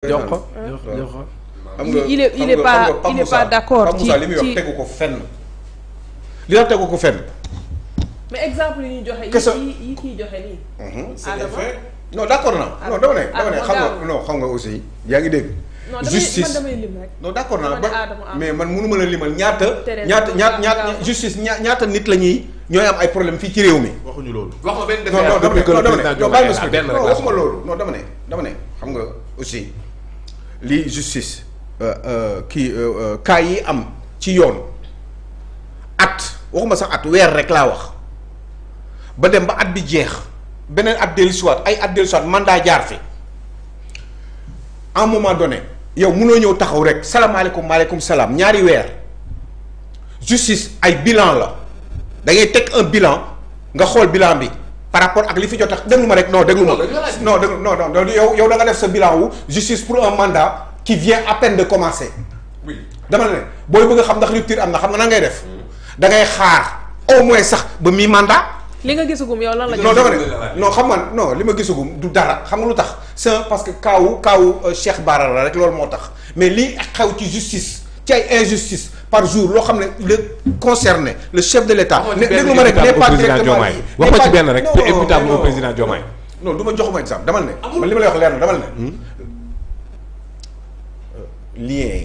jox ko jox na xam nga il est il est pas il est pas d'accord ci ko fenn li tegu ko fenn mais exemple yi ñuy joxe yi yi kiy joxe nii mhm. ah, c'est des faits non d'accord naa ah, non dama ne ah, dama ne xam nga non xam nga aussi yaa ngi dégg justice non d'accord naa ba mais man mënuma la limal ñaata ñaata ñaata ñaata justice ñaata nit la ñuy ñooy am ay problème fii ci réew mi waxuñu loolu wax ma benn def non dama ne non dama ne non waxuma loolu non dama ne dama ne xam nga aussi li justice euh, euh, kii euh, cas yi am ci yoon at waxuma sax at weer rek laa wax ba dem ba at bi jeex beneen at dellusiwaat ay at man daa jaar fi en un moment donné yow munoo ñëw taxaw rek salaamaaleykum maaleykum salaam ñaari weer justice ay bilan la da ngay teg un bilan nga xool bilan bi. par rapport ak li fi jot a déglu ma rek noo non déglu ma non déglu non non yow yow da nga def sa bilan wu justice pour un mandat qui vient à peine de commencer dama ne booy bëgg a xam ndax rupture am na xam nga nan ngay def mm. da ngay xaar au moins sax ba mi mandat li nga gisugum yow lan la non dama ne non xam nga non li ma gisugum du dara xam nga lu tax c'est parce que kaawu kaawu euh, Cheikh Bara la rek loolu moo tax mais lii xew ci justice ci ay injustice par jour loo xam ne le concerné le chef de l'État. déglu ma rek n'est pas directement wax ma ci benn rek te imputable au président Diomaye. non du ma jox ma exemple damal ne. man li ma lay wax leer na damal ne. Hmm? Euh,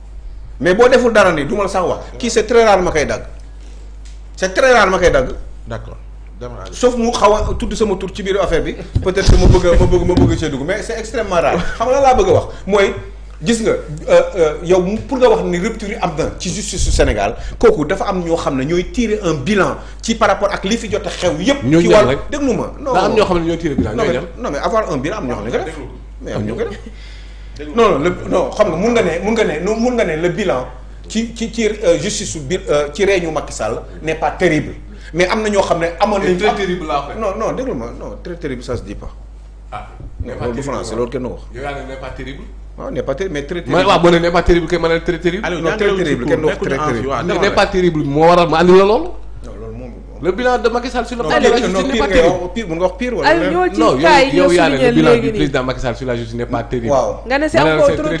mais boo deful dara nii du ma la sax wax kii c'est très rare ma koy dagg c'est très rare ma koy dagg sauf mu xaw a tudd sama tur ci biir affaire bi peut-être que ma bëgg ma bëgg ma bëgg see dugg mais c'est extrêmement rare xam nga laa bëgg wax mooy gis nga euh, euh, yow pour nga wax ni rupture yi am ci justice su Sénégal kooku dafa am ñoo xam ne ñooy tirer un bilan ci par rapport ak li fi jot a xew yépp ci wàll déglu ma non am ñoo xam ne ñooy tirer bilan non mais avoir un bilan am ñoo xam ne nga def mais am ñoo ko def non non non xam nga mun nga ne mun nga ne non mun nga ne le bilan ci ci ci euh, justice bi euh, ci réñu Macky Sall n'est pas terrible mais am na ñoo xam ne amoon nañu. très terrible laa koy non déglu ma non très terrible ça se dit pas. ah n'est pas terrible mais très terrible. pas terrible kay ma ne très terrible. non très terrible kenn du terrible. n'est pas terrible moo waral ma andi la loolu. le bilan de Macky Sall sur le plan la justice n'est oh, yow yaa ne le bilan du président Macky la justice n'est pas terrible. waaw nga ne c'est encore trop tôt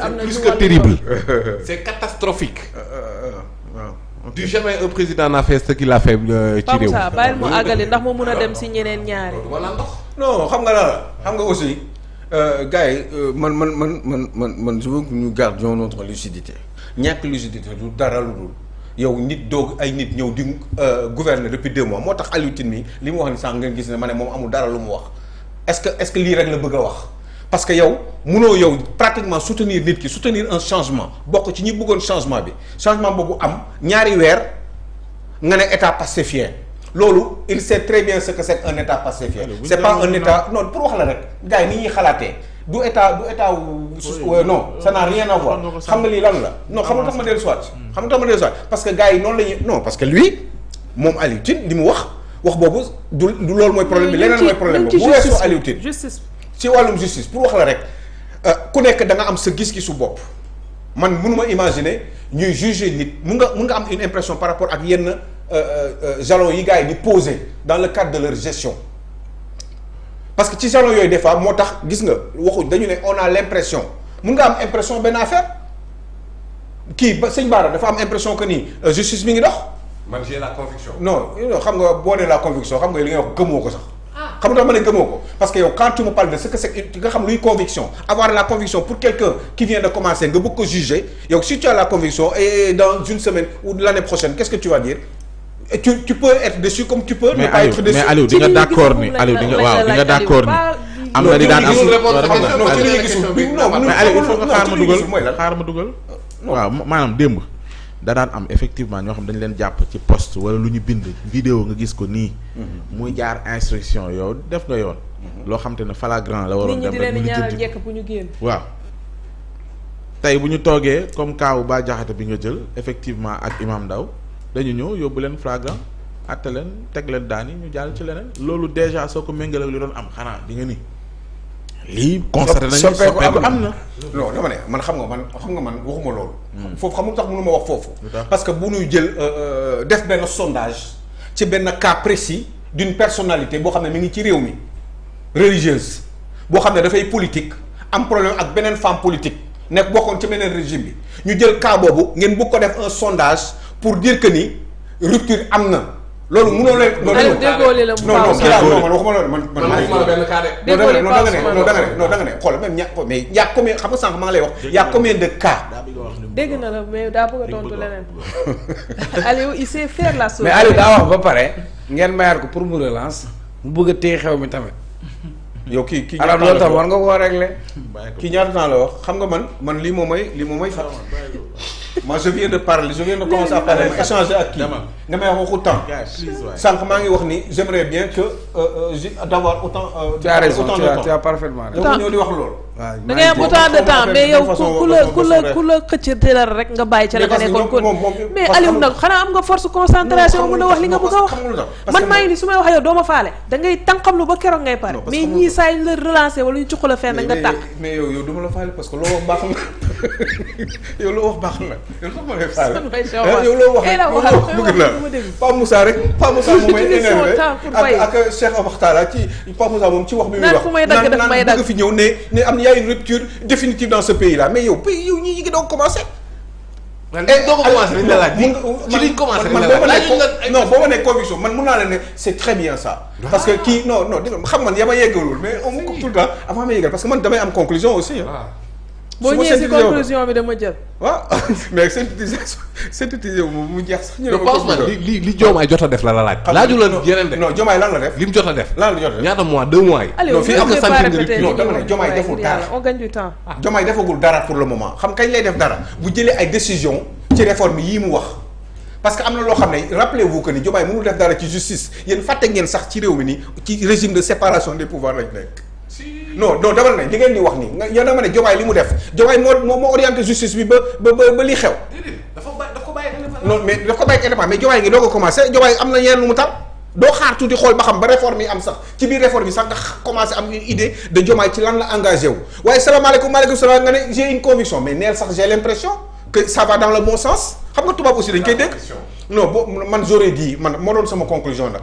am na plus que terrible. c'est catastrophique. Euh, euh, euh, waaw. du président n'a fait ce qu'il fait ci bàyyil mu àggali ndax mu mun a dem si ñeneen ñaari. wala non xam nga la xam nga aussi. gars yi man man man man man man je veux que ñu gardions notre lucidité. ñàkk lucidité du dara lu dul. yow nit doog ay nit ñëw di euh, gouverner depuis deux moom moo tax Alioune Tine mi li mu wax ni sànq ngeen gis ne ma ne moom amul dara lu mu wax est-ce que est lii rek la bëgg a wax parce que yow munoo yow pratiquement soutenir nit ki soutenir un changement bokk ci ñi bëggoon changement bi changement boobu am ñaari weer nga ne état passéfien loolu il sait très bien ce que c'est un état passéfien c'est pas un état non pour wax la rek gars yi ni ñuy xalaatee du état du état wu. Euh, non ça n'a rien à euh, voir. xam nga lii lan la non xam nga tax ma dellu soit hmm. xam nga tax ma dellu soit parce que gars yi noonu la ñuy non parce que lui moom Aliou Tine li mu wax wax boobu du du loolu mooy problème bi leneen mooy problème boobu bu weesoo Aliou Tine justice ci wàllum justice pour wax la rek euh, ku nekk da nga am sa gis-gisu bopp man mënuma imaginer ñuy juger nit mu nga mu nga am une impression par rapport ak yenn jalons yi gars yi di poser dans le cadre de leur gestion parce que ci salon yooyu des fois moo tax gis nga waxuñ dañu ne on a l' impression mun nga am impression benn affaire kii ba sëñ Bara dafa am impression que nii euh, justice mi ngi dox. man euh, xam nga boo nee la conviction xam nga li ngay wax gëmoo ko sax. Ah. xam nga ma ne gëmoo ko parce que yow quand tu me de ce que c'est nga xam luy conviction avoir la conviction pour quelqu'un qui vient de commencer nga bëgg ko juger yow si tu la conviction dans une tu tu comme tu peux. ne pas être déçu mais Aliou di nga d' accord ni Aliou di waaw di nga ni. am na li daan am non ci li nga xaar ma dugal waaw maanaam démb. da daan am effectivement ñoo xam dañu leen jàpp ci post wala lu ñu bind vidéo nga gis ko nii. Mhm. muy jaar instruction yow def nga yoon. Mhm. loo xam te ne flagrant la waroon dem rek ñu jënd nit waaw. tey bu ñu toogee comme kaawu baa Diakhaté bi nga jël effectivement ak Imam ndaw dañu ñëw yóbbu leen flagrant àtte leen teg leen daan yi ñu jàll ci leneen loolu déjà soo ko méngale ak li doon am xanaa di nga ni lii constaté nañu soppeeku am na non dama ne man xam nga man xam nga man waxuma loolu hmm. foofu xam nga mu mënu ma wax foofu parce que bu ñuy jël euh, euh, def benn sondage ci benn cas précis d'une personnalité boo xam ne mu ngi ci réew mi religieuse boo xam ne dafay politique am problème ak beneen femme politique nekk bokkoon ci beneen régime bi ñu jël cas boobu ngeen bëgg ko def un pour dire que ni rupture am na. loolu munoo lay. non non non man waxuma loolu man. man man benn cas de. déggoo non da nga ne non da ne non da ne xool même ña mais y' a combien xam nga sànq lay wax. y' a combien de dégg na la mais daa bëgg a tontu leneen. Aliou mais Aliou daa wax ba pare ngeen mayaat ko pour mu relance mu bëgg te xew mi tamit. yow kii kii ñaata la alors loolu tam war nga koo régler. kii ñaata temps la wax xam nga man man lii moo mooy lii moom mooy fàtt. moi je viens de parler je viens de commencer à parler échanger ak kii nga may wax waxu temps sànq maa ngi wax ni j'aimerais bien que euh, euh, d'avoir autant euh, tu as raison autant tu as, tu as parfaitement raison ñëw di wax loolu da ngay am autant de temps mais yow ku la ku la ku rek nga bàyyi ca la nga nekkoon kon mais Aliou nag xanaa am nga force concentration mën a wax li nga bëgg a wax man maa ngi su may wax yow doo faale da ngay tànqamlu ba keroog ngay pare mais ñii saa ñu la relancer wala ñu cuqala fenn nga tànq mais yow loo wax baax na yow eh, loo eh, rek bëgg la moom ci wax muy wax naan fu may dagg daf may dagg y une rupture définitive dans ce pays là mais yow pays yow ñii ñu eh, non boo ma nee conviction man mun naa la ne c'est très bien non non xam man yaa ma yeggalul mais on me coupe tout le temps avant ma yeggal parce que man damay am conclusion aussi. boo ñëwee si conclusion bi dama jël. waaw ah, mais synthétisation synthétisé moom mu jeex sax. ñu ne ma li li li jot a def la la laaj. laaju la yeneen de. non Diomaye lan la def. lim jot a def. lan la jot a def ñaata mois deux mois yi. Aliou fii am na santé de non dara. on gagne du temps. Diomaye ah. pour le moment xam kañ lay def dara bu jëlee ay décision ci réforme yii mu wax. parce que am na loo xam ne rappelez-vous que ni Diomaye mënul def dara ci justice yéen fàtte ngeen sax ci réew mi ni ci régime de séparation des pouvoirs lañ nekk non non dama ne li ngeen di wax nii nga yow dama ne Diomaye li mu def Diomaye moo moo justice bi ba ba ba li xew. dafa ba dafa ko bàyyi non mais mais Diomaye ngi doo ko commencé am xool am sax ci biir réforme yi sax nga commencé am une idée de Diomaye ci lan la engagé wu waaye salaamaaleykum maaleykum salaam nga ne j'ai une conviction mais neel sax j'ai l'impression que ça va dans le bon sens xam nga tubaab aussi dañ koy dégg non bo man j'aurais dit man moo doon sama conclusion nag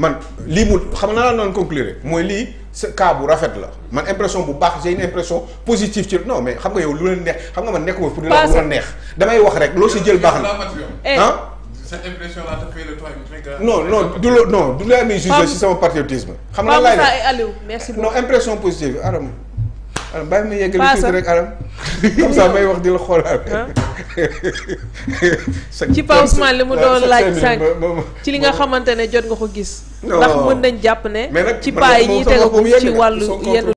man lii mu xam naa la noonu conclure mooy lii sa cas bu rafet la man impression bu baax j'ai une impression positive ci no mais xam nga yow lu la neex xam nga man nekk pour di la neex damay wax rek loo si jël baax na ah cette impression là te fait le toit non non du la non du la amee jugé si sama patriotisme xam naa laay def non impression positive aram aram ma yeggali tuuti rek aram comme ça may wax di la xoolaat ci Pa Ousmane li mu doon laaj sànq ci li nga xamante ne jot nga ko gis ndax mën nañ jàpp ne. Oh. ci paa yi ñuy tegu ci wàllu yenn